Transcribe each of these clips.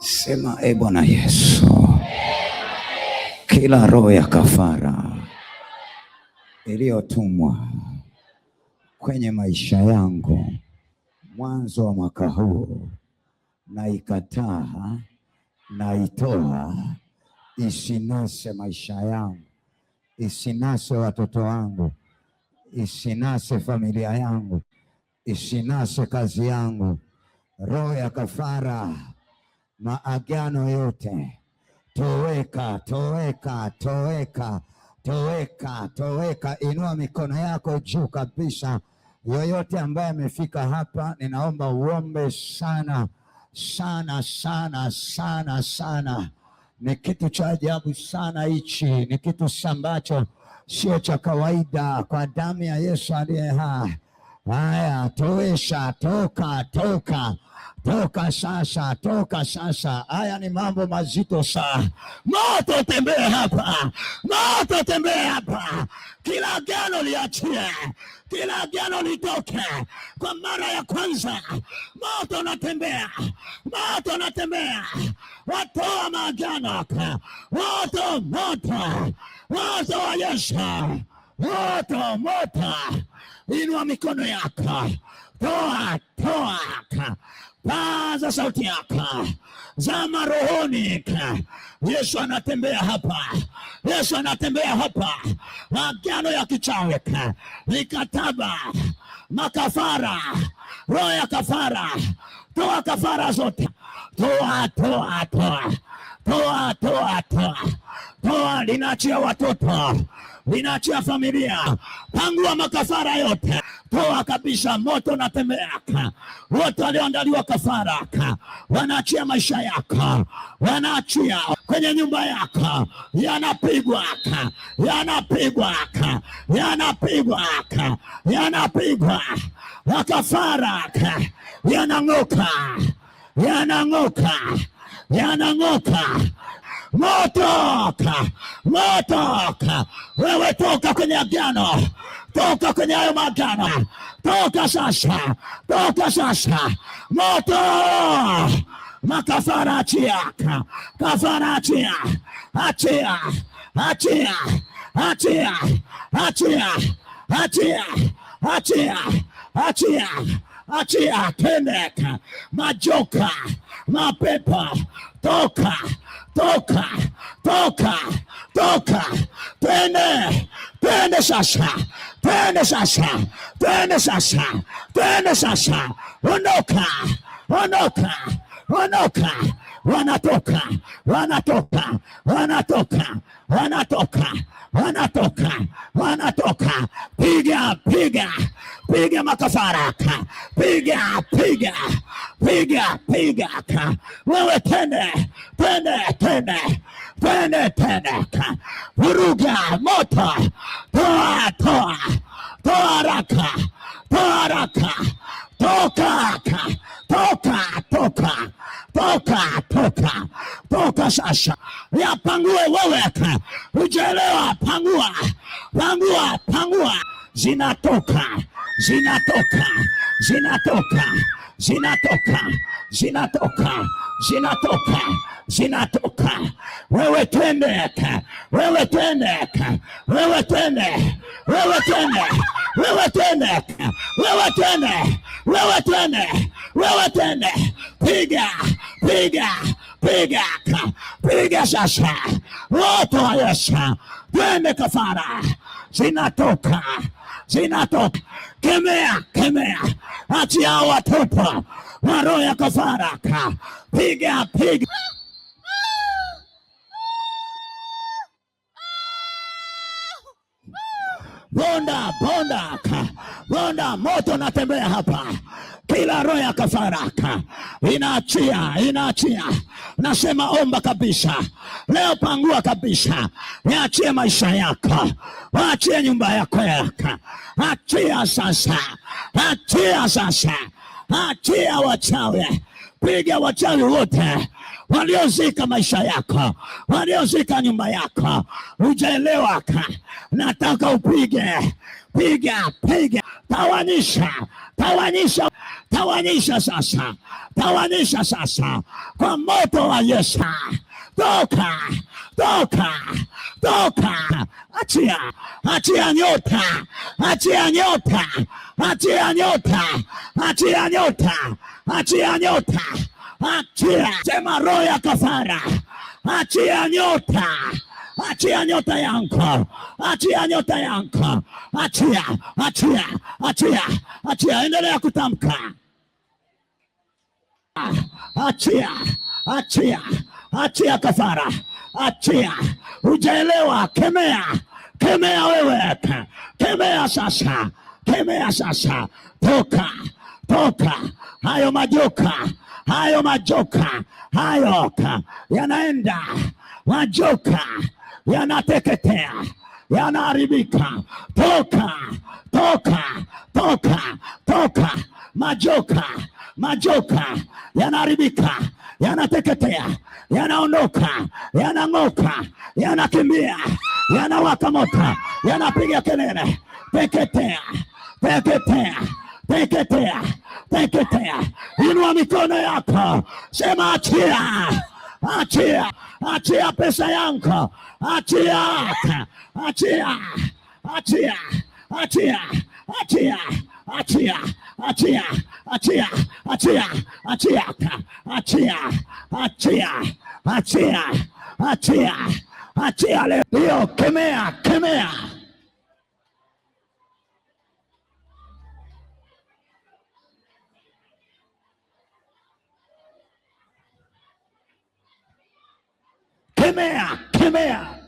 Sema e Bwana Yesu, kila roho ya kafara iliyotumwa kwenye maisha yangu mwanzo wa mwaka huu, naikataa, naitoa, isinase maisha yangu, isinase watoto wangu, isinase familia yangu, isinase kazi yangu, roho ya kafara maagano yote toweka, toweka, toweka, toweka, toweka. Inua mikono yako juu kabisa. Yoyote ambaye amefika hapa, ninaomba uombe sana sana sana sana sana. Ni kitu cha ajabu sana hichi, ni kitu ambacho sio cha kawaida. Kwa damu ya Yesu aliye hai, haya, towesha, toka, toka Toka sasa, toka sasa. Haya ni mambo mazito sana. Moto tembee hapa, moto tembee hapa. Kila gano liachie, kila gano litoke kwa mara ya kwanza. Moto natembea, moto natembea. Watoa maagano, moto, moto, moto wa Yesu moto moto, inua mikono yako, toa toa, paza sauti yako zama rohoni. Yesu anatembea hapa, Yesu anatembea hapa. Agano ya kichawi, mikataba, makafara, roho ya kafara, toa kafara zote, toa toa toa toa toa toa toa linaachia watoto, linaachia familia. Pangua makafara yote, toa kabisa, moto na temeaka. Wote walioandaliwa kafara wanaachia maisha yako, wanaachia kwenye nyumba yako, yanapigwa yanapigwa yanapigwa yanapigwa, makafara yanang'oka yanang'oka yanang'oka Watoka, watoka wewe, toka kwenye agano, toka kwenye hayo magano, toka sasa, toka sasa, moto makafara, achia kafara, achia, achia, achia, achia, achia, achia, achia, achia atia, peneca, majoca, mapepa, toca, toca, toca, toca, tene, tene sasha, tene sasha, tene sasha, tene sasha, onoka, onoka, onoka, wanatoka wanatoka wanatoka wanatoka wanatoka wanatoka. Piga piga piga makafaraka, piga piga piga piga. Wewe tende tende tende tende tende, vuruga moto, toa toa toa raka toa raka, toka toka toka Toka, toka, toka sasa, yapangue wewe, ujaelewa? Pangua, pangua, pangua, zinatoka, zinatoka, zinatoka, zinatoka, zinatoka, zinatoka, zinatoka. Wewe twende, wewe twende, wewe twende, wewe twende, wewe twende, wewe twende, wewe twende, wewe twende, piga piga piga piga sasa, roho ya Yesu, twende kafara zinatoka zinatoka, kemea kemea, achia watoto wa roho ya kafara, piga piga bonda bonda bonda, moto natembea hapa kila roho ya kafaraka, inaachia inaachia. Nasema omba kabisa leo, pangua kabisa, niachie maisha yako, waachie nyumba yako yako, achia sasa, achia sasa, achia wachawe piga wachawe wote waliozika maisha yako, waliozika nyumba yako. Hujaelewa? Nataka upige, piga, piga, tawanisha, tawanisha. Tawanisha sasa, tawanisha sasa kwa moto wa Yesu. Toka, toka, toka! Achia, achia nyota, achia nyota, achia nyota, achia nyota, achia nyota, achia sema, roho ya kafara, achia nyota Achia nyota yanko achia nyota yanko achia, achia, achia, achia. Endelea kutamka achia, achia, achia kafara, achia. Hujaelewa? Kemea, kemea wewe, kemea sasa, kemea sasa. Toka, toka hayo majoka, hayo majoka, hayo yanaenda, majoka yanateketea yanaharibika. Toka, toka, toka, toka majoka majoka yanaharibika, yanateketea, yanaondoka, yanang'oka, yanakimbia, yanawaka moto, yanapiga kelele, teketea, teketea teketea teketea. Inua mikono yako, sema achia, achia, achia pesa yangu, achia, achia, achia, achia, achia, achia achia, achia, achia, achia, achia, achia, achia, achia, achia leo kemea, kemea kemea, kemea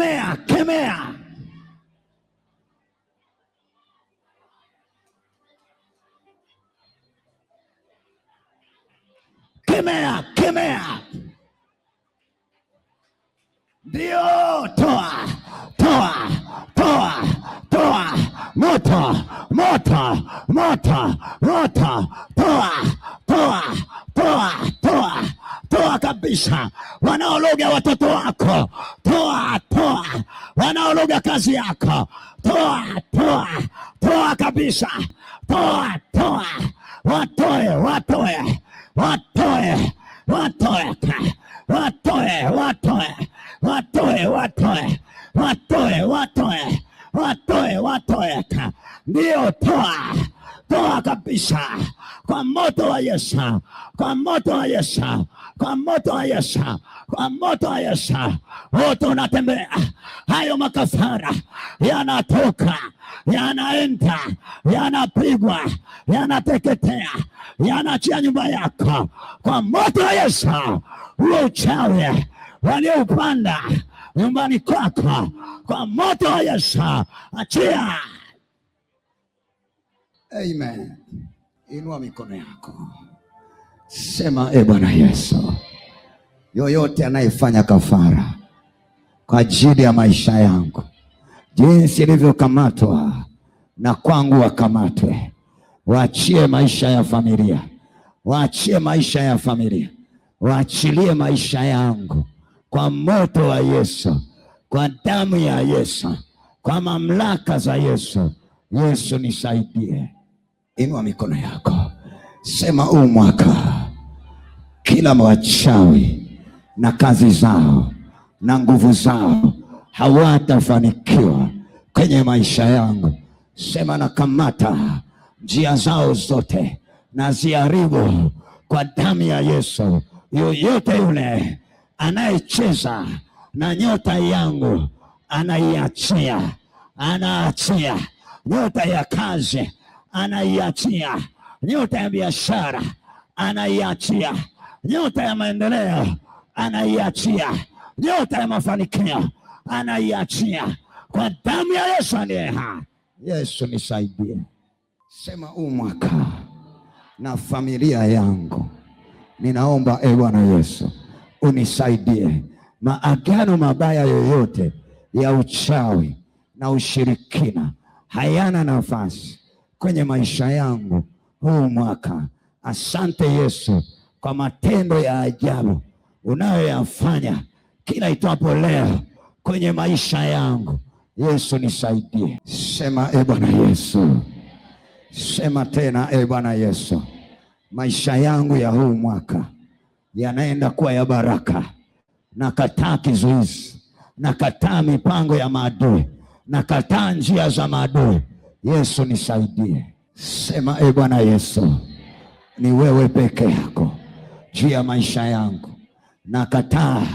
kemea, kemea. Kemea, kemea. Ndio, toa, toa, toa, toa. Moto, moto, moto, moto. Toa, toa, toa, toa, toa kabisa. Wanaologa watoto wako, toa, wanaologa kazi yako, toa toa toa kabisa, toa toa, watoe watoe watoe watoe watoe watoe watoe watoe watoe watoe watoe watoe, ndio toa toa kabisa kwa moto wa Yesu, kwa moto wa Yesu, kwa moto wa Yesu, kwa moto wa Yesu. Moto unatembea, hayo makafara yanatoka, yanaenda, yanapigwa, yanateketea, yanachia nyumba yako kwa moto wa Yesu. Huo uchawi walioupanda nyumbani kwako kwa moto wa Yesu, achia. Amen. Inua mikono yako, sema e Bwana Yesu, yoyote anayefanya kafara kwa ajili ya maisha yangu, jinsi ilivyokamatwa na kwangu, wakamatwe, waachie maisha ya familia, waachie maisha ya familia, waachilie maisha yangu kwa moto wa Yesu, kwa damu ya Yesu, kwa mamlaka za Yesu. Yesu nisaidie. Inua mikono yako, sema huu mwaka kila wachawi na kazi zao na nguvu zao hawatafanikiwa kwenye maisha yangu. Sema na kamata njia zao zote na ziharibu kwa damu ya Yesu. Yoyote yule anayecheza na nyota yangu anaiachia, anaachia nyota ya kazi anaiachia nyota ya biashara, anaiachia nyota ya maendeleo, anaiachia nyota ya mafanikio, anaiachia kwa damu ya Yesu aliye hai. Yesu nisaidie, sema huu mwaka na familia yangu, ninaomba e Bwana Yesu unisaidie maagano mabaya yoyote ya uchawi na ushirikina hayana nafasi kwenye maisha yangu huu mwaka. Asante Yesu kwa matendo ya ajabu unayoyafanya kila itwapo leo kwenye maisha yangu. Yesu nisaidie. Sema e Bwana Yesu, sema tena e Bwana Yesu, maisha yangu ya huu mwaka yanaenda kuwa ya baraka. Nakataa kizuizi, nakataa mipango ya maadui, nakataa njia za maadui. Yesu nisaidie. Sema e Bwana Yesu, ni wewe peke yako juu ya maisha yangu. Nakataa,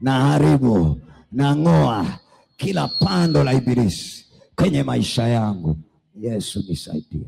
na ng'oa kila pando la Ibilisi kwenye maisha yangu. Yesu nisaidie.